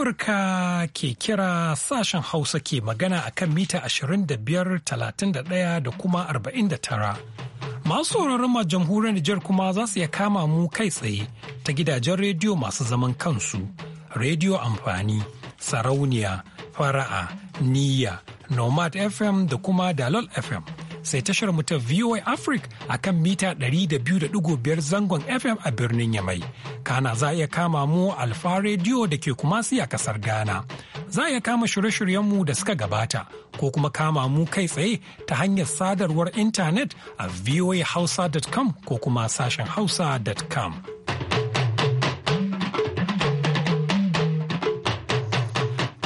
Amurka ke kira sashen Hausa ke magana a kan mita 25.31 da kuma 49. Masu sauraron ma jamhuriyar Nijar kuma za su iya kama mu kai tsaye ta gidajen rediyo masu zaman kansu, rediyo amfani, sarauniya, fara'a, niyya, nomad FM da kuma dalol FM. sai tashar mu ta VOA Africa a kan mita 200.5 zangon FM a birnin Yamai. Kana za iya kama mu Alfa Radio da ke kumasi a kasar Ghana. Za iya kama shirye-shiryenmu da suka gabata ko kuma kama mu kai tsaye ta hanyar sadarwar intanet a voahausa.com ko kuma sashen hausa.com.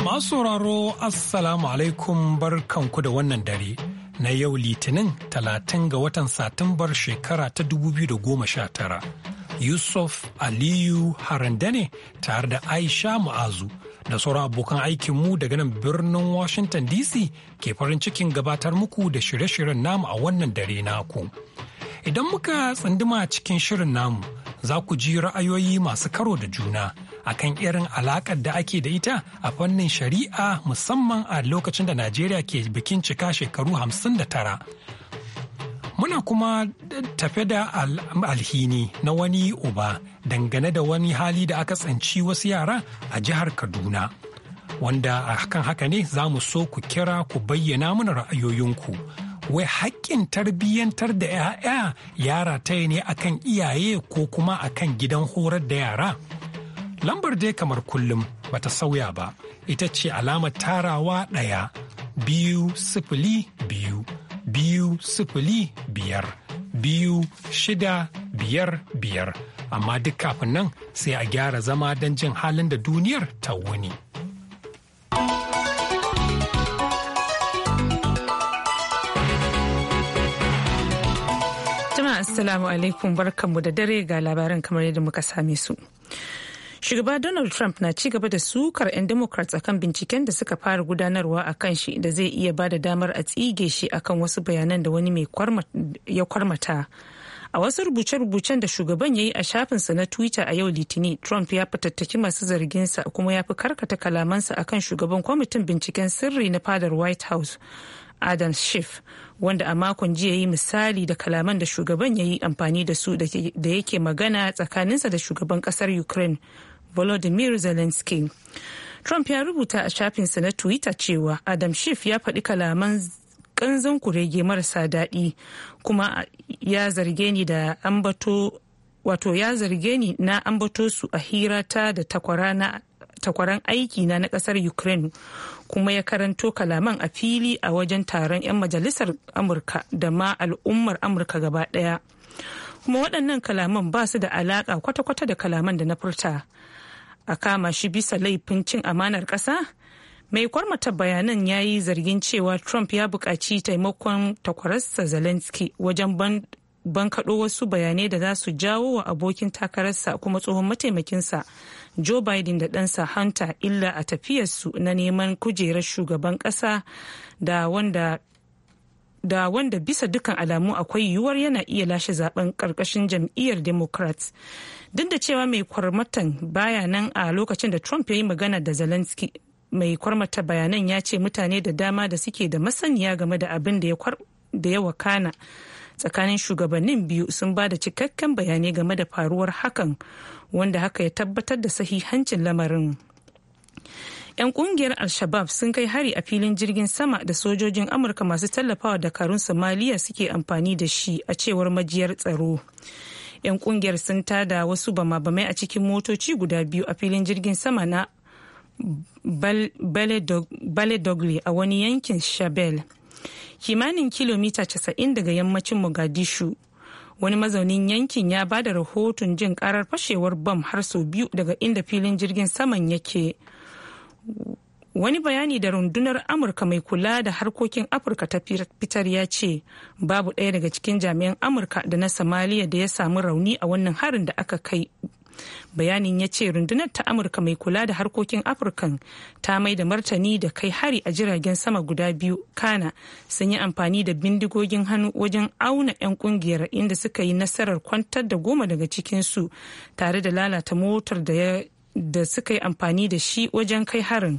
Masu sauraro Assalamu alaikum barkanku da wannan dare. na yau litinin 30 ga watan satumbar shekara ta 2019 yusuf aliyu ne tare da aisha mu'azu da sauran abokan aikinmu daga nan birnin washington dc ke farin cikin gabatar muku da shirye-shiryen namu a wannan dare naku idan muka tsunduma cikin shirin namu za ku ji ra'ayoyi masu karo da juna a kan irin alakar da ake da ita a fannin shari'a musamman a lokacin da Najeriya ke bikin cika shekaru hamsin da tara. Muna kuma tafe da alhini na wani uba dangane da wani hali da aka tsanci wasu yara a jihar Kaduna. Wanda a kan haka ne za mu so ku kira ku bayyana mana ra'ayoyinku wai haƙƙin tarbiyyantar da 'ya'ya yara ta ne akan iyaye ko kuma akan gidan horar da yara lambar dai kamar kullum bata sauya ba ita ce alamar tarawa ɗaya biyu sifili biyu biyu sifili biyar biyu shida biyar biyar amma duk kafin nan sai a gyara zama don jin halin da duniyar ta wuni. Assalamu alaikum barkanmu da dare ga labaran kamar yadda muka same su. Shugaba Donald Trump na ci gaba da sukar 'yan Democrats akan binciken da suka fara gudanarwa a kan shi da zai iya bada damar a tsige shi akan wasu bayanan da wani mai ya kwarmata. A wasu rubuce-rubucen da shugaban ya yi a shafinsa na Twitter a yau Litinin, Trump ya fatattaki masu zarginsa kuma ya fi karkata kalamansa akan shugaban kwamitin binciken sirri na fadar White House adam schiff wanda a makon jiya yi misali da kalaman da shugaban ya yi amfani da su da yake magana tsakaninsa da shugaban kasar ukraine volodymyr zelensky trump ya rubuta a shafinsa na twitter cewa adam schiff ya faɗi kalaman ƙanzan kurege marasa daɗi kuma ya zarge ni da ambato wato ya zarge ni na ambato su a hirata da takwaran aiki na na kasar ukraine kuma ya karanto kalaman a fili a wajen taron 'yan majalisar amurka da ma al'ummar amurka gaba daya kuma waɗannan kalaman ba su da alaƙa kwata-kwata da kalaman da na furta a kama shi bisa laifin cin amanar ƙasa mai kwarmata bayanan ya yi zargin cewa trump ya buƙaci taimakon takwararsa zelensky wajen bankaɗo wasu bayanai da za su jawo wa abokin takararsa kuma tsohon mataimakinsa joe biden da ɗansa hunter illa a tafiyarsu na neman kujerar shugaban ƙasa da wanda da wanda bisa dukkan alamu akwai yiwuwar yana iya lashe zaben karkashin jam'iyyar democrats duk da cewa mai kwarmatan bayanan a lokacin da trump ya yi magana da zelensky mai kwarmata bayanan ya ce mutane da dama da suke da masaniya game da abin da ya wakana tsakanin shugabannin biyu sun ba da cikakken bayanai game da faruwar hakan wanda haka ya tabbatar da sahihancin lamarin. 'yan kungiyar al-shabab sun kai hari a filin jirgin sama da sojojin amurka masu tallafawa dakarun somaliya suke amfani da shi a cewar majiyar tsaro 'yan kungiyar sun tada wasu bama-bamai a cikin motoci guda biyu a filin jirgin sama na baledogli a wani yankin shabel kimanin kilomita 90 daga yammacin mogadishu wani mazaunin yankin ya ba da rahoton jin karar fashewar bam har sau biyu daga inda filin jirgin saman yake wani bayani da rundunar amurka mai kula da harkokin afirka ta fitar ya ce babu ɗaya daga cikin jami'an amurka da na somaliya da ya samu rauni a wannan harin da aka kai bayanin ya ce rundunar ta amurka mai kula da harkokin afirkan ta mai da martani da kai hari a jiragen sama guda biyu kana sun yi amfani da bindigogin hannu wajen auna 'yan kungiyar inda suka yi nasarar kwantar da goma daga cikinsu tare da lalata motar da suka yi amfani da shi wajen kai harin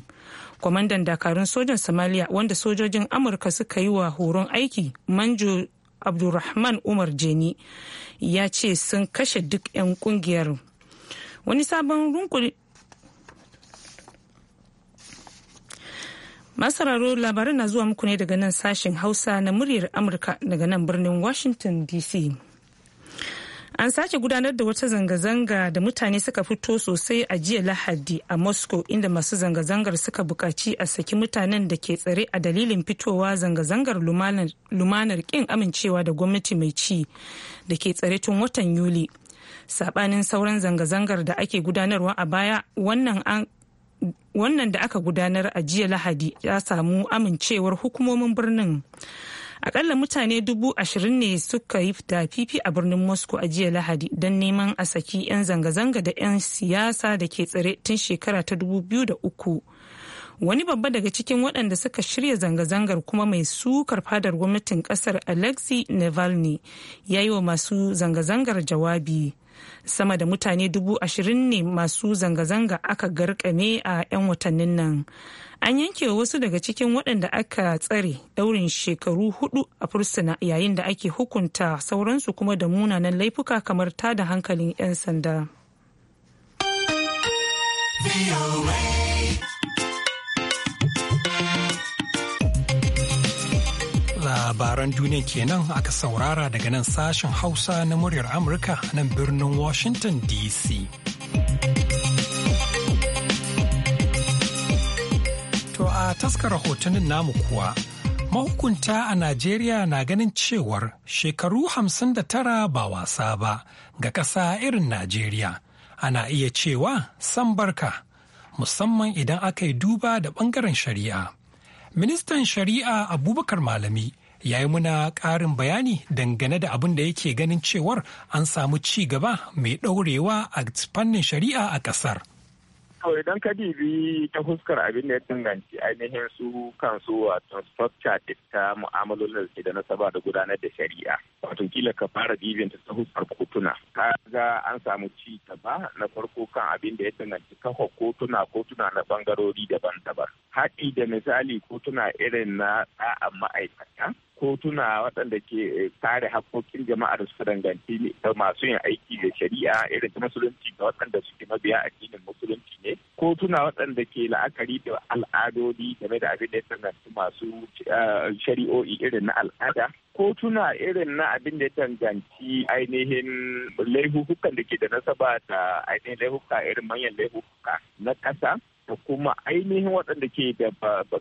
kwamandan dakarun sojan somalia wanda sojojin amurka suka yi wa horon aiki manjo abdulrahman umar jeni ya ce sun kashe duk 'yan kungiyar wani sabon runkuri masararo labaran na zuwa muku ne daga nan sashen hausa na muryar amurka daga nan birnin washington dc an sake gudanar da wata zanga-zanga da mutane suka fito sosai a jiya lahadi a moscow inda masu zanga-zangar suka bukaci a saki mutanen da ke tsare a dalilin fitowa zanga-zangar lumanar kin amincewa da gwamnati mai ci da ke tsare tun watan yuli sabanin sauran zanga-zangar da ake gudanarwa a baya wannan an wannan da aka gudanar a jiya lahadi ya samu amincewar hukumomin birnin akalla mutane dubu ashirin ne suka yi fifi a birnin moscow a jiya lahadi don neman a saki 'yan zanga-zanga da 'yan siyasa da ke tsare tun shekara ta dubu biyu da uku wani babba daga cikin waɗanda suka shirya zanga-zangar kuma mai sukar fadar gwamnatin ƙasar alexei navalny ya yi wa masu zanga-zangar jawabi sama da mutane dubu ashirin ne masu zanga-zanga aka garkame a 'yan watannin nan an yanke wasu daga cikin waɗanda aka tsare ɗaurin shekaru hudu a fursuna yayin da ake hukunta sauransu kuma da munanan laifuka kamar ta-da hankalin 'yan sanda. labaran duniya kenan aka saurara daga nan sashen hausa na muryar amurka nan birnin washington dc to a taskar rahotannin namu kuwa mahukunta a najeriya na ganin cewar shekaru hamsin da tara ba wasa ba ga ƙasa irin najeriya ana iya cewa san barka musamman idan aka yi duba da ɓangaren shari'a ministan shari'a abubakar malami ya yi muna ƙarin bayani dangane da abin da yake ganin cewar an samu ci gaba mai ɗaurewa a fannin shari'a a ƙasar. idan ka dibi ta fuskar abin da ya danganci ainihin su kansu a structure ta mu'amalolin da da nasaba da gudanar da shari'a wato kila ka fara dibin ta fuskar kotuna kaga an samu ci gaba na farko kan abin da ya danganci kafa kotuna kotuna na bangarori daban-daban haɗi da misali kotuna irin na tsa'an ma'aikata kotuna waɗanda ke eh, kare haƙƙoƙin jama'a da suka danganci da masu yin aiki da shari'a irin ta musulunci da waɗanda suke mabiya addinin musulunci ne kotuna waɗanda ke la'akari da al'adodi game da abin da ya danganci masu eh, shari'o'i irin na al'ada kotuna irin na abin da ya danganci ainihin laifukan da ke da nasaba da ainihin laifuka irin manyan laifuka na ƙasa da kuma ainihin waɗanda ke da ba da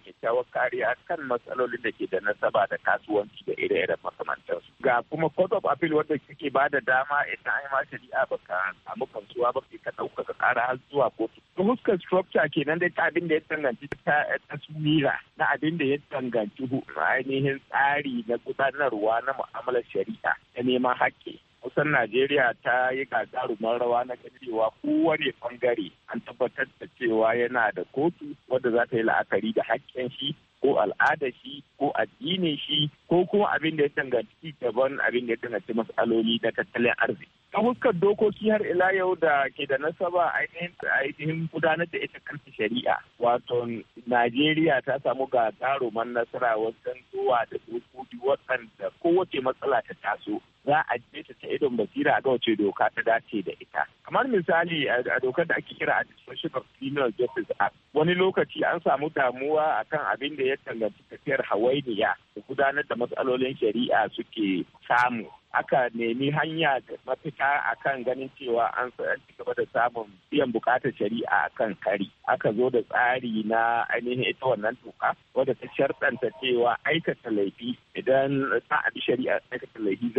kyakkyawar kariya kan matsalolin da ke da nasaba da kasuwanci da ire-iren makamantansu. Ga kuma Court of Appeal wanda suke ba da dama idan an yi ma shari'a ba ka samu kansuwa ba ka ɗauka ka ƙara har zuwa kotu. Huskar structure kenan dai abin da ya danganci taswira na abin da ya danganci ainihin tsari na gudanarwa na mu'amalar shari'a da neman haƙƙi. kusan Najeriya ta yi gagarumar rawa na cewa kowane bangare an tabbatar da cewa yana da kotu wadda za ta yi la'akari da haƙƙin shi ko al'ada shi ko addini shi ko kuma abin da ya danganci daban abin da ya danganci matsaloli na tattalin arziki. ta fuskar dokoki har ila yau da ke da nasaba ainihin gudanar da ita kanta shari'a wato najeriya ta samu gagaruman nasara wajen zuwa da dokoki waɗanda kowace matsala ta taso za a je ta ta idon basira ga wace doka ta dace da ita kamar misali a dokar da ake kira a of criminal justice act wani lokaci an samu damuwa akan abin da ya ya danganci tafiyar hawainiya da gudanar da matsalolin shari'a suke samu aka nemi hanya mafita kan ganin cewa an ci gaba da samun biyan bukatar shari'a a kan kari aka zo da tsari na ainihin ita wannan doka wadda ta sharɗanta cewa aikata laifi idan ta abi shari'a aikata laifi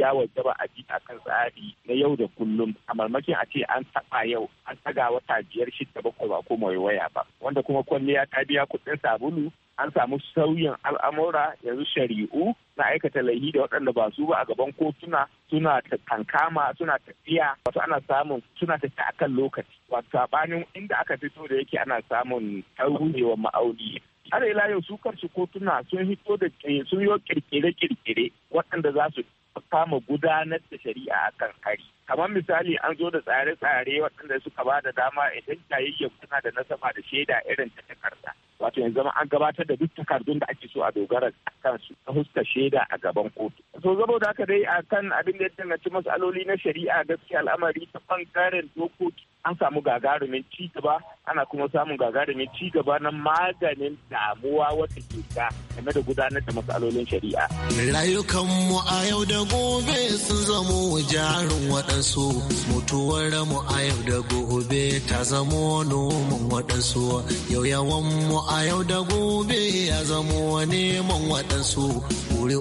ya wajaba a bi akan tsari na yau da kullum a mamakin a ce an taɓa yau an taga wata biyar shida bakwai ba ko waya ba wanda kuma kwalliya ta biya kuɗin sabulu an samu sauyin al'amura yanzu shari'u na aikata laihi da waɗanda ba su ba a gaban kotuna suna kankama suna tafiya wato ana samun suna tafiya akan lokaci wato sabanin inda aka fito da yake ana samun wa ma'auni har ila yau su kotuna sun hito da sun yi kirkire-kirkire waɗanda za su kama gudanar da shari'a akan kari kamar misali an zo da tsare-tsare waɗanda suka ba da dama idan jayayyen tana da nasaba da shaida irin ta takarda wato yanzu an gabatar da duk takardun da ake so a dogara kansu ta huska shaida a gaban kotu so saboda haka dai akan abin da ya danganci matsaloli na shari'a gaskiya al'amari ta bangaren dokoki an samu gagarumin ci gaba ana kuma samun gagarumin ci gaba na maganin damuwa wata ke ta game da gudanar da matsalolin shari'a rayukanmu a yau da gobe sun zamo jarin waɗanda waɗansu mutuwar mu a yau da gobe ta zamo noman waɗansu yau yawan mu a yau da gobe ya zamo neman waɗansu wuri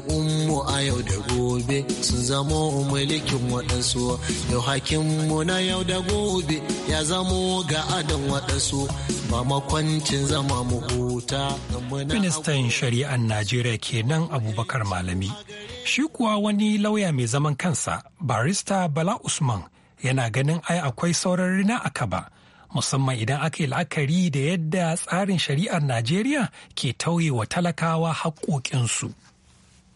mu a yau da gobe sun zamo mulkin waɗansu yau hakin mu na yau da gobe ya zamo ga adon waɗansu ba zama mu huta. Ministan shari'ar Najeriya kenan Abubakar Malami. Shi kuwa wani lauya mai zaman kansa, barista Bala Usman, yana ganin ai akwai sauran rina aka ba. Musamman idan aka yi la'akari da yadda tsarin shari'ar Najeriya ke tauye wa talakawa haƙoƙinsu.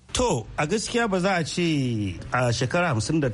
To a gaskiya ba za a ce a shekara 59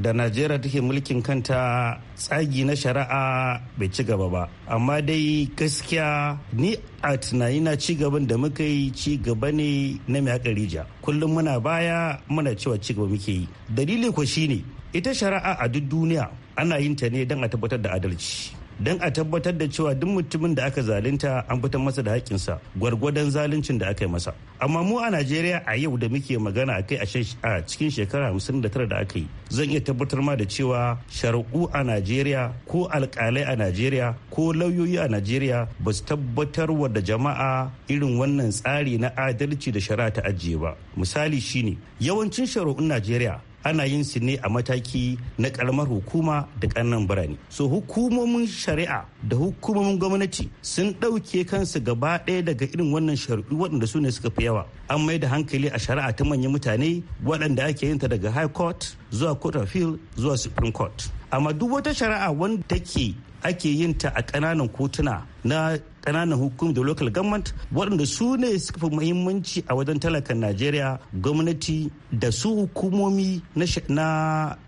da Najeriya take mulkin kanta tsagi na shari'a bai ci gaba ba. Amma dai gaskiya ni a tunayi na ci gaban da muka yi ci gaba ne na mai rija. Kullum muna baya muna cewa ci gaba muke yi. Dalili ko ne ita shari'a a duk duniya ana yin ta ne don a tabbatar da adalci. don a tabbatar da cewa duk mutumin da aka zalunta an fitar masa da haƙƙinsa gwargwadon zaluncin da aka yi masa amma mu a najeriya a yau da muke magana a kai a cikin shekara hamsin da tara da aka yi zan iya tabbatar ma da cewa shari'u a najeriya ko alƙalai a najeriya ko lauyoyi a najeriya ba su tabbatar wa da jama'a irin wannan tsari na adalci da shari'a ta ajiye ba misali shine yawancin shari'un najeriya ana yin su ne a mataki na karamar hukuma da ƙananan birane so hukumomin shari'a da hukumomin gwamnati sun ɗauke kansu gaba ɗaya daga irin wannan shari'u waɗanda su ne suka fi yawa an mai da hankali a shari'a ta manyan mutane waɗanda ake yin ta daga high court zuwa court of appeal zuwa supreme court amma duk wata shari'a wanda take ake yin ta a kananan kotuna na ƙananan hukumar da local government waɗanda su ne suka fi muhimmanci a wajen talakan najeriya gwamnati da su hukumomi na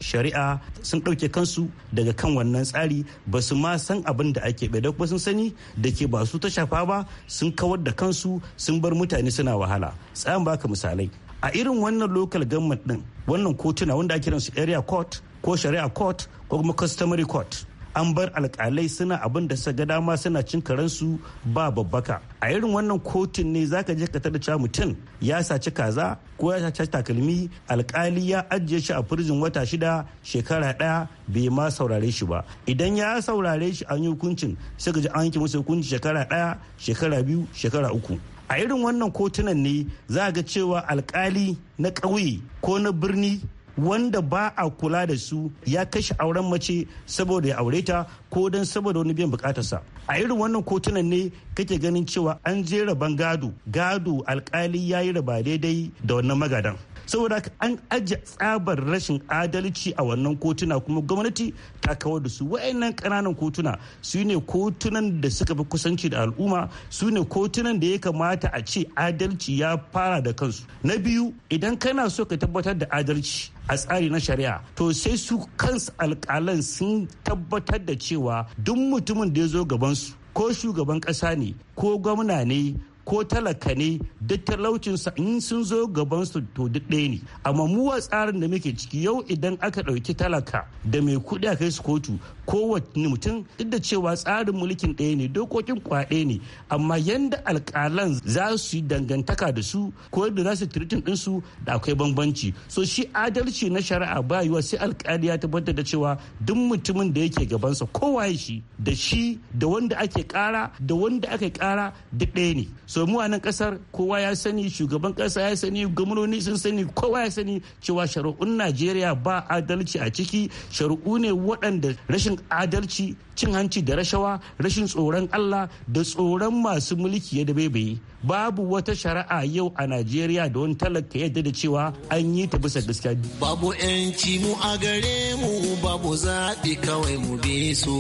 shari'a sun ɗauke kansu daga kan wannan tsari ba su ma san abin da ake bai da kuma sun sani da ke ba su ta shafa ba sun kawar da kansu sun bar mutane suna wahala tsayin baka misalai a irin wannan local government din wannan kotuna wanda ake kiransu area court ko shari'a court ko kuma customary court an bar alkalai suna abin da suka ga dama suna cin karensu ba babbaka a irin wannan kotun ne zaka je ka tada cewa mutum ya saci kaza ko ya saci takalmi alkali ya ajiye shi a firjin wata shida shekara daya bai ma saurare shi ba idan ya saurare shi an yi hukuncin sai ji an yi masa hukunci shekara daya shekara biyu shekara uku a irin wannan kotunan ne za ga cewa alkali na ƙauye ko na birni wanda ba a kula da su ya kashe auren mace saboda ya aure ta ko don saboda wani biyan bukatarsa a irin wannan kotunan ne kake ganin cewa an jera ban gado gado alkali ya yi raba daidai da wannan magadan saboda an aje tsabar rashin adalci a wannan kotuna kuma gwamnati ta kawar da su wayannan ƙananan kotuna su ne kotunan da suka fi kusanci da al'umma su ne kotunan da ya kamata a ce adalci ya fara da kansu na biyu idan kana so ka tabbatar da adalci a tsari na shari'a to sai su kansu alkalan sun tabbatar da cewa duk mutumin da ya zo gabansu ko shugaban ƙasa ne ko gwamna ne ko talaka ne duk talaucinsa in sun zo gabansu to duk ɗaya ne amma mu a tsarin da muke ciki yau idan aka ɗauki talaka da mai kuɗi a kai su kotu kowane mutum duk da cewa tsarin mulkin ɗaya ne dokokin kwaɗe ne amma yanda alƙalan za su yi dangantaka da su ko yadda za su tiritin ɗinsu da akwai bambanci so shi adalci na shari'a ba yiwa sai alƙali ya tabbatar da cewa duk mutumin da yake gabansa kowa shi da shi da wanda ake ƙara da wanda aka ƙara duk ɗaya ne so mu a nan kasar kowa ya sani shugaban kasa ya sani gwamnoni sun sani kowa ya sani cewa shari'un najeriya ba adalci a ciki shari'u ne waɗanda rashin adalci cin hanci da rashawa rashin tsoron Allah da tsoron masu mulki ya da bai babu wata shari'a yau a Najeriya da wani talaka yadda da cewa an yi ta bisa gaskiya babu yanci mu a gare mu babu zaɓi kawai mu bi su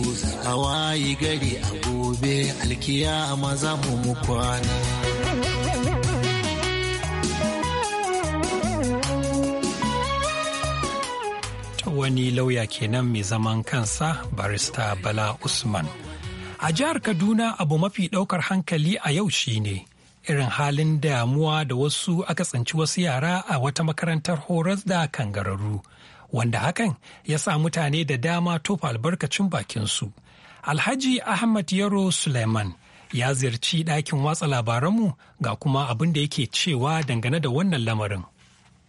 hawaye gari a gobe alkiyama za mu mu kwana wani lauya kenan mai zaman kansa barista Bala Usman. A jihar Kaduna abu mafi ɗaukar hankali a yau shine irin halin damuwa da wasu aka tsinci wasu yara a wata makarantar horas da kangararru, wanda hakan ya sa mutane da dama tofa albarkacin bakinsu. Alhaji Ahmad Yaro Suleiman ya ziyarci ɗakin watsa labaranmu ga kuma abin da yake cewa dangane da wannan lamarin.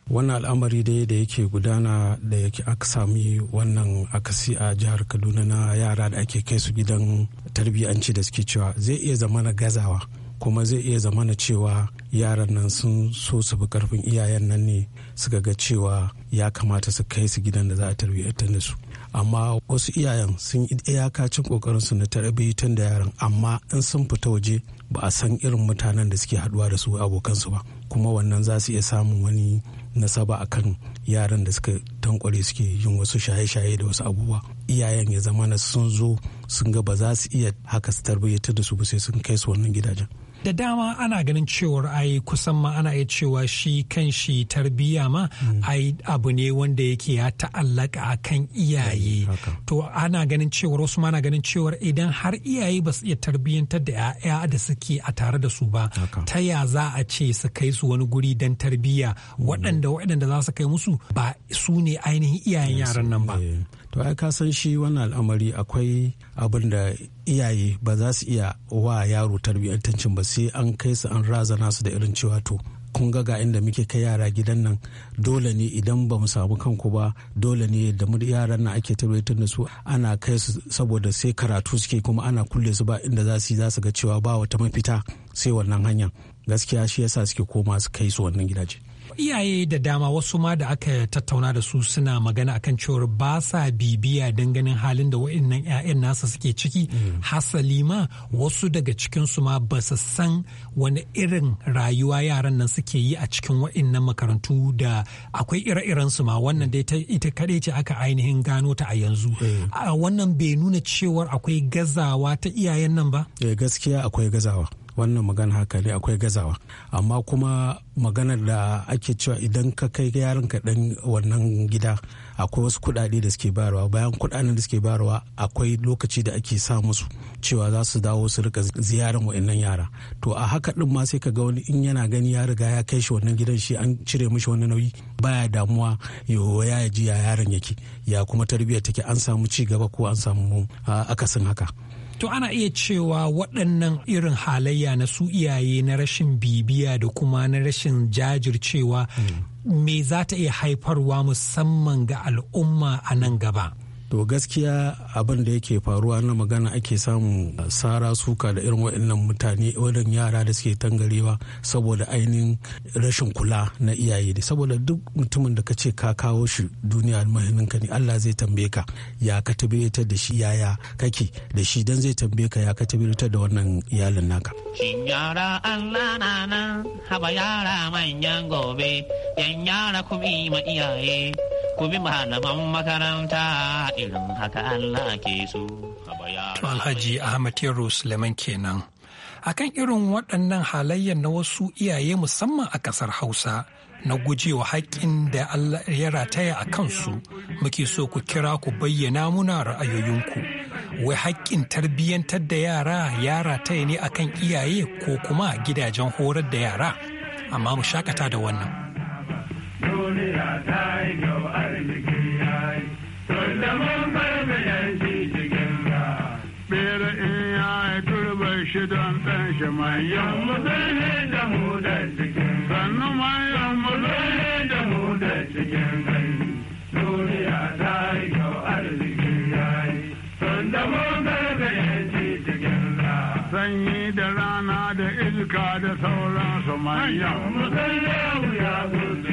wannan al'amari dai da yake gudana da yake aka sami wannan akasi a jihar kaduna na yara da ake kai su gidan tarbiyyanci da suke cewa zai iya zama na gazawa kuma zai iya zama na cewa yaran nan sun so su bi karfin iyayen nan ne suka ga cewa ya kamata su kai su gidan da za a tarbiyyantar da su amma wasu iyayen sun yi iyakacin kokarin su na tarbiyyantar da yaran amma in sun fita waje ba a san irin mutanen da suke haduwa da su abokansu ba kuma wannan za su iya samun wani nasaba a kan yaran da suka tankware suke yin wasu shaye-shaye da wasu abubuwa iyayen ya zama na sun zo sun ga ba za su iya haka su tarbiyyatar da su ba sai sun kai su wannan gidajen da dama ana ganin cewar ai kusan ma ana iya cewa shi kan shi tarbiyya ma hmm. ai abu ne wanda yake ya ta'allaka a kan iyaye eh, to ana ganin cewar wasu ma ana ganin cewar idan har iyaye ba su iya tarbiyyantar da 'ya'ya da suke a tare da su ba ta ya za a ce su kai su wani guri don tarbiyya hmm. waɗanda waɗanda za su kai musu ba su ne ainihin iyayen yaran nan ba eh. to ai ka san shi wannan al'amari akwai abin da iyaye ba za su iya wa yaro tarbiyyantancin ba sai an kai su an razana su da irin cewa to kun ga ga inda muke kai yara gidan nan dole ne idan ba mu samu kanku ba dole ne da mu yaran nan ake tabbatar da su ana kai su saboda sai karatu suke kuma ana kulle su ba inda za su yi za su ga cewa ba wata mafita sai wannan hanya gaskiya shi yasa suke koma su kai su wannan gidaje iyaye da dama wasu ma da aka tattauna da su suna magana akan cewar ba sa bibiya ganin halin da wa'annan 'ya'yan nasa suke ciki mm. hasali ma wasu daga cikin su ma ba su san wani irin rayuwa yaran nan suke yi a cikin wa'annan makarantu da akwai ire-iren su ma wannan dai ita kaɗai ce aka ainihin gano ta a yanzu mm. wannan bai nuna cewar akwai gazawa ta iyayen nan ba eh, gaskiya akwai gazawa wannan magana haka ne akwai gazawa amma kuma maganar da ake cewa idan ka kai yaron ka dan wannan gida akwai wasu kuɗaɗe da suke bayarwa bayan kuɗaɗen da suke bayarwa akwai lokaci da ake sa musu cewa za su dawo su rika ziyaran wa'annan yara to a haka din ma sai ka ga wani in yana gani ya riga ya kai shi wannan gidan shi an cire mishi wani nauyi baya damuwa yawa ya ji ya yaron yake ya kuma tarbiyyar take an samu ci gaba ko an samu ah, akasin haka To ana iya cewa waɗannan irin halayya na su iyaye na rashin bibiya da kuma na rashin jajircewa mm. me za ta iya haifarwa musamman ga al'umma a nan gaba. to gaskiya abin da yake faruwa na magana ake samu sara suka da irin waɗannan mutane waɗannan yara da suke tangarewa saboda ainihin rashin kula na iyaye ne saboda duk mutumin da ka ce ka kawo shi duniya ka ne allah zai tambaye ka ya ka tabbatar da shi yaya kake da shi dan zai tambaye ka ya ka tabbatar da wannan iyalin naka shin yara allah na nan haba yara manyan gobe yan yara kuma iyaye ku bi malaman makaranta irin haka Allah ke so. Alhaji Ahmad Yaro Suleiman kenan. Akan irin waɗannan halayyar na wasu iyaye musamman a ƙasar Hausa na gujewa haƙƙin da Allah ya rataya a kansu muke so ku kira ku bayyana muna ra'ayoyinku. Wai haƙƙin tarbiyyantar da yara ya rataya ne akan iyaye ko kuma gidajen horar da yara. Amma mu shakata da wannan. da mun farbe yanci cikin ga. Bera in ya yi turba shi don ɗan shi manyan mu zane da mu da cikin ga. Sannu manyan mu zane da mu da cikin ga. Duniya ta yi kyau arziki ya yi. Sun da mun farbe yanci cikin ga. Sanyi da rana da iska da sauransu manyan mu zane wuya gudu.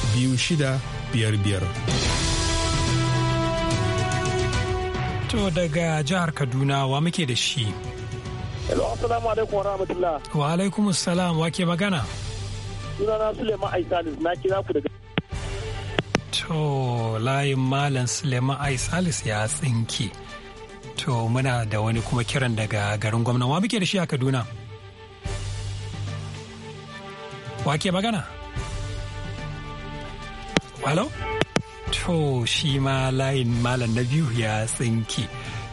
2655. To daga jihar Kaduna wa muke da shi. Hello, assalamu alaikum wa rahmatullah. Wa alaikum assalam wa ke magana? na Suleiman Aisalis na kira ku daga To layin Malam Suleiman Aisalis ya tsinke. To muna da wani kuma kiran daga garin gwamna wa muke da shi a Kaduna. Wa ke magana? Hello? To shi ma layin malam na biyu ya tsinki.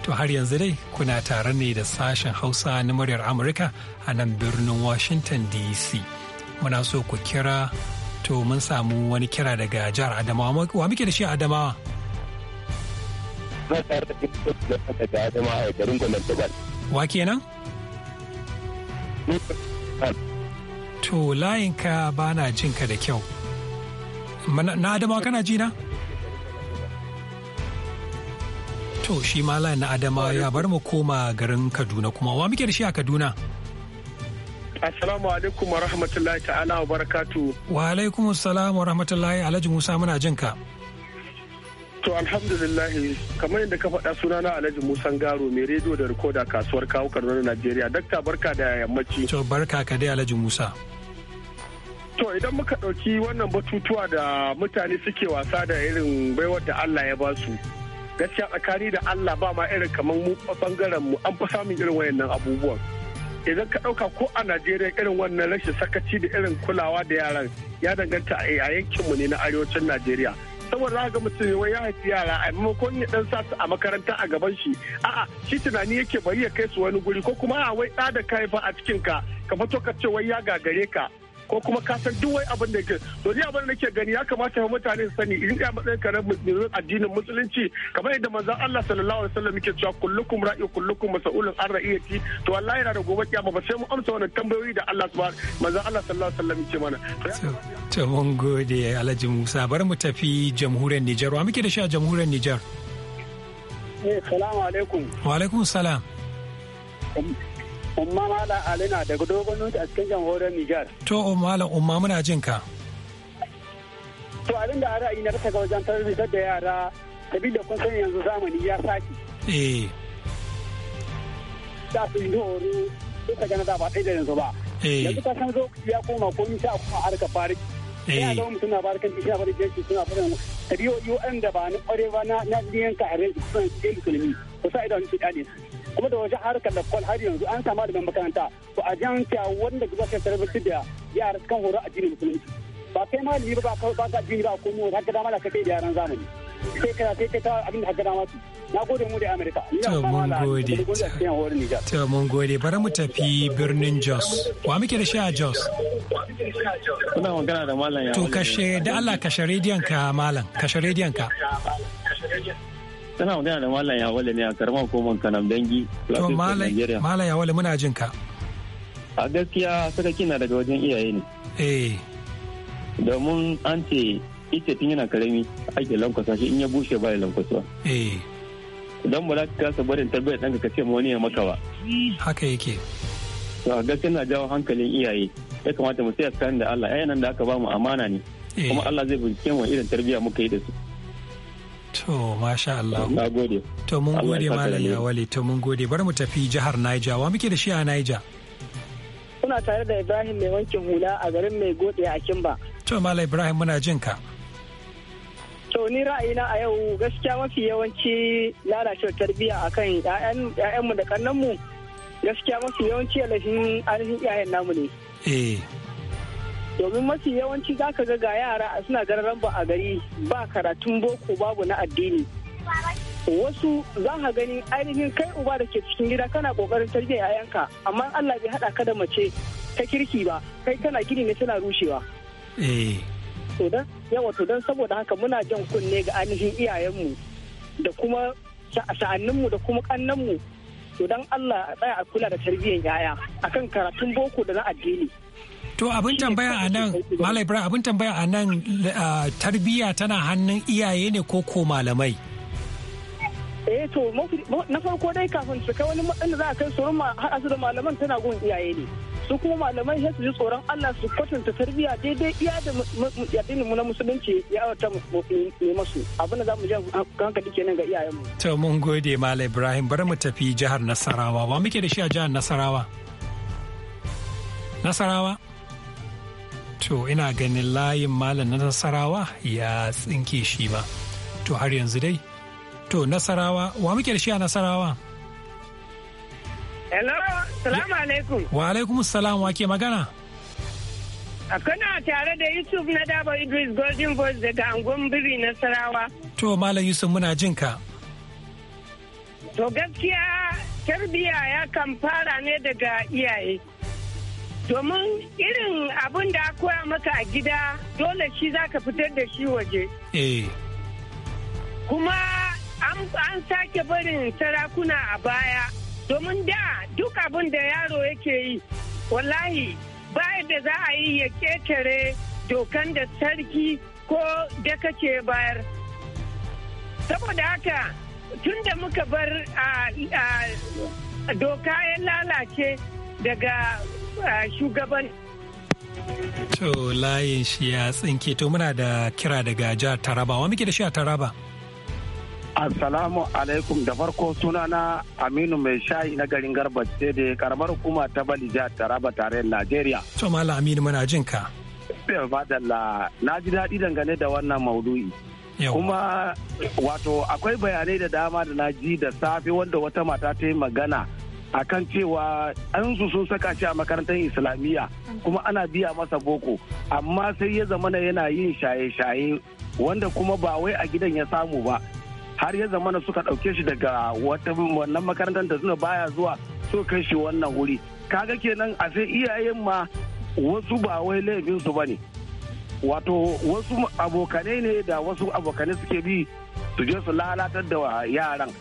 To har yanzu dai kuna tare ne da sashen Hausa na muryar Amurka a nan birnin Washington DC. Muna so ku kira to mun samu wani kira daga jihar Adamawa. Wa muke da shi a Adamawa? Wa kenan? To layinka ba na jinka da kyau. na adamawa kana ji na to shi ma na adamawa ya bar mu koma garin kaduna kuma wa muke da shi a kaduna assalamu alaikum wa rahmatullahi ta'ala wa barakatu wa alaikum salam wa rahmatullahi alhaji musa muna jin ka to alhamdulillah kamar yadda ka faɗa sunana alhaji musa garo mai rediyo da rikoda kasuwar kawo kaduna najeriya dakta barka da yammaci to barka ka dai alhaji musa To idan muka ɗauki wannan batutuwa da mutane suke wasa da irin baiwar da Allah ya ba su. Gaskiya tsakani da Allah ba ma irin kamar mu bangaren mu an fi samun irin wayannan abubuwan. Idan ka ɗauka ko a Najeriya irin wannan rashin sakaci da irin kulawa da yaran ya danganta a yankinmu ne na arewacin Najeriya. saboda za ga mutum wai ya haifi yara a maimakon ya dan sa su a makaranta a gaban shi a'a shi tunani yake bari ya kai su wani guri ko kuma a wai da ka haifa a cikin ka ka fito ka ce wai ya gagare ka ko kuma ka san duk wai abin da ke to ni abin da nake gani ya kamata mu mutane su sani in ya matsayin ka na addinin musulunci kamar yadda manzo Allah sallallahu alaihi wasallam yake cewa kullukum ra'i kullukum mas'ulun an ra'iyati to wallahi yana da gobe kiyama ba sai mu amsa wannan tambayoyi da Allah subhanahu manzo Allah sallallahu alaihi wasallam yake mana to mun gode Alhaji Musa bar mu tafi jamhuriyar Nijar wa muke da shi a jamhuriyar Nijar Assalamu eh, alaikum. Wa alaikum salam. Umma Malam Ali na daga dogon nuti a cikin jamhuriyar Nijar. To umma Umma muna jin ka. To abin da ra'ayi na rasa ga wajen tarbiyyar da yara sabida kun san yanzu zamani ya saki. Eh. Da su yi horo duka gana da ba ɗaya da yanzu ba. Eh. Yanzu ka san zo ya koma ko sha kuma harka fariki. Eh. Ya zama mutum na barkan tisha bari jeshi suna faɗin tabiyoyi waɗanda ba na ƙware ba na biyan ka a rai suna cikin musulmi. ko sa idan su ɗane su. kuma da wajen harkar da kwal har yanzu an kama daga makaranta to a jan janta wanda gaba sai bisu da yara kan horo jini musulunci ba kai malami ba ka ba ka jini ba ko mu har gada mala ka kai da yaran zamani sai ka sai ka ta abin da har gada masu na gode mu da amerika to mun gode to mun gode bari mu tafi birnin jos wa muke da shi a jos kuna magana da malam ya to kashe da Allah kashe rediyon ka malam kashe rediyon ka Suna magana da Malam wale ne a karamar hukumar Kanam Dangi. To Malam wale muna jin ka. A gaskiya saka na daga wajen iyaye ne. Eh. Domin an ce ita tun yana karami ake lankwasa shi in ya bushe ba ya lankwasa Eh. Idan ba za ka kasa barin tarbiyyar ɗanka ka ce ma wani ya maka ba. Haka yake. To a gaskiya na jawo hankalin iyaye ya kamata mu tsaya tsakanin da Allah 'ya'yan da aka ba mu amana ne. Eh. Kuma Allah zai bincike mu irin tarbiyya muka yi da su. To, masha Allah. Na gode. To, mun gode Malam Yawale, to mun gode. Bari mu tafi jihar Niger. Wa muke da shi a Niger? Kuna tare da Ibrahim mai wankin hula a garin mai gode a Kimba. To, Malam Ibrahim muna jin ka. To, ni ra'ayina a yau gaskiya mafi yawanci lalacewar tarbiyya akan 'ya'yanmu da ƙannanmu gaskiya mafi yawanci alashin ainihin 'ya'yan namu ne. Eh. domin mafi yawanci za ka ga yara suna gararan ba a gari ba karatun boko babu na addini wasu za ka gani ainihin kai uba da ke cikin gida kana kokarin ya yayanka amma Allah bai haɗa ka da mace ta kirki ba kai kana gini ne tana rushewa eh. to dan yawa to dan saboda haka muna jan kunne ga ainihin iyayenmu da kuma sa'anninmu da kuma kannanmu to dan Allah a tsaya a kula da tarbiyyar yaya akan karatun boko da na addini To abin tambaya a nan, Malai Ibrahim abin tambaya a nan eh, tarbiyya tana hannun iyaye ne ko ko malamai? Eh to na farko dai kafin su kai wani matsayin za a kai su haɗa su da malaman tana gun iyaye ne. Su kuma malamai sai su ji tsoron Allah su kwatanta tarbiyya daidai iya da mu na musulunci ya wata ne masu. Abin da za mu ji hankali nan ga iyayenmu. To mun gode Malam Ibrahim bari mu tafi jihar Nasarawa. Wa muke da shi a jihar Nasarawa? Nasarawa? to ina ganin layin malam na nasarawa ya tsinke shi ma to har yanzu dai to nasarawa wa muke da shi a nasarawa hello salamu alaikum wa alaikum salam wa ke magana a kana tare da yusuf na daba idris golden voice daga angon biri nasarawa to malam yusuf muna jin ka to gaskiya tarbiyya ya kan fara ne daga iyaye domin irin abin da koya maka a gida dole shi za ka fitar da shi waje eh. kuma an sake barin sarakuna a baya domin da duk abin da yaro yake yi wallahi baya da za a yi ya ketare dokan da sarki ko da kake bayar saboda haka tun da muka bar a doka ya lalace daga shugaban To layin shi ya tsinke to muna da kira daga jihar Taraba wa muke da shi a Taraba. Assalamu alaikum da farko sunana Aminu mai shayi na garin Garba ce da karamar hukuma ta Bali jihar Taraba tare Najeriya. To Malam Aminu muna jin ka. na ji daɗi dangane da wannan maudu'i. Kuma wato akwai bayanai da dama da na ji da safe wanda wata mata ta yi magana akan cewa ɗansu sun saka shi a makarantar islamiyya kuma ana biya masa boko amma sai ya zamana yana yin shaye-shaye wanda kuma ba wai a gidan ya samu ba har ya zamana suka ɗauke shi daga wata wannan makarantar da suna baya zuwa so kai shi wannan wuri kaga kenan a sai iyayen ma wasu ba wai laifinsu ba ne wato wasu abokanai ne da wasu abokanai suke bi su je su lalatar da yaran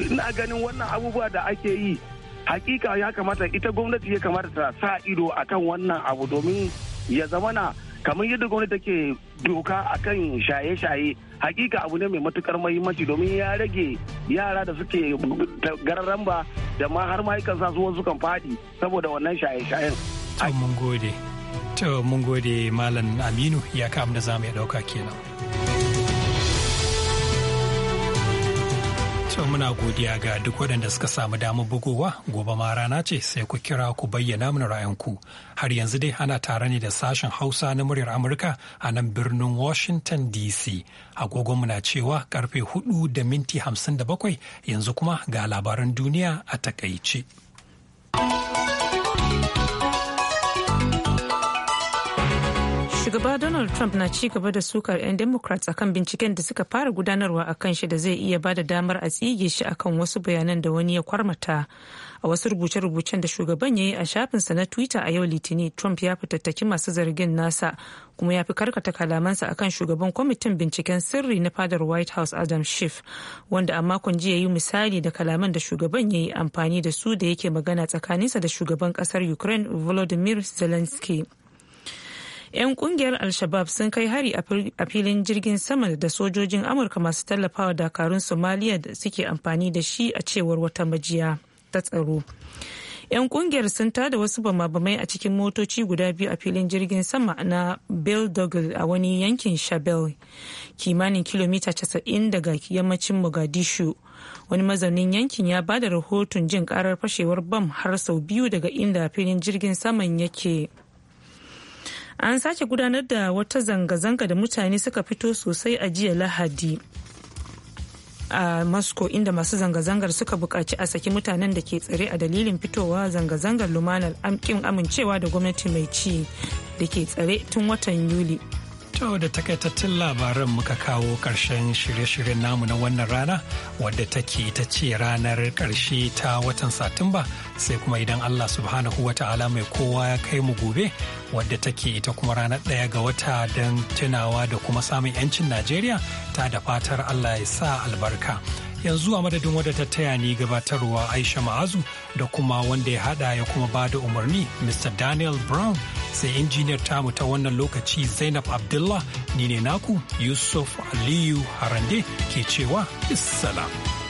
ina ganin wannan abubuwa da ake yi hakika ya kamata ita gwamnati ya kamata ta sa ido akan wannan abu domin ya zamana kamar yadda gwamnati take doka akan shaye-shaye hakika abu ne mai matukar mahimmanci domin ya rage yara da suke gararan da ma har ma sa wasu kan fadi saboda wannan shaye-shayen. mun gode. Malam Aminu ya kam da zamu ya dauka kenan. To muna godiya ga duk waɗanda suka samu damar bugowa gobe ma rana ce sai ku kira ku bayyana mana ra'ayinku. Har yanzu dai ana tare ne da sashen Hausa na muryar Amurka a nan birnin Washington DC. Agogon muna cewa karfe 4 da minti hamsin da bakwai yanzu kuma ga labaran duniya a takaice. shugaba donald trump na ci gaba da sukar 'yan democrats akan binciken da suka fara gudanarwa a kan shi da zai iya bada damar a tsige shi akan wasu bayanan da wani ya kwarmata a wasu rubuce-rubucen da shugaban ya yi a shafinsa na twitter a yau litinin trump ya fitattaki masu zargin nasa kuma ya fi karkata kalamansa akan shugaban kwamitin binciken sirri na fadar white house adam schiff wanda a makon jiya yi misali da kalaman da shugaban ya yi amfani da su da yake magana tsakaninsa da shugaban kasar ukraine volodymyr zelensky 'yan kungiyar al-shabab sun kai hari a filin jirgin sama da sojojin amurka masu tallafawa dakarun somaliya da suke amfani da shi a cewar wata majiya ta tsaro 'yan kungiyar sun tada wasu bamabamai a cikin motoci guda biyu a filin jirgin sama na beldogle a wani yankin shabel kimanin kilomita 90 daga yammacin mogadishu wani mazaunin yankin ya bada rahoton jin karar fashewar bam har sau biyu daga inda filin jirgin saman yake. an sake gudanar da wata zanga-zanga da mutane suka fito sosai a jiya lahadi a moscow inda masu zanga-zangar suka buƙaci a saki mutanen da ke tsare a dalilin fitowa zanga-zangar lumanar amkin amincewa da gwamnati mai ci da ke tsare tun watan yuli To da takaitattun labaran muka kawo ƙarshen shirye-shiryen namu na wannan rana wadda take ita ce ranar ƙarshe ta watan Satumba sai kuma idan Allah subhanahu wa ta'ala mai kowa ya kai mu gobe wadda take ita kuma ranar ɗaya ga wata don tunawa da kuma samun 'yancin Najeriya ta da fatar Allah ya sa albarka. yanzu a madadin wadda ta taya ni gabatarwa aisha ma'azu da kuma wanda ya hada ya kuma ba da umarni mr daniel brown sai injiniyar tamu ta wannan lokaci zainab abdullah ni ne naku yusuf aliyu harande ke cewa issalam.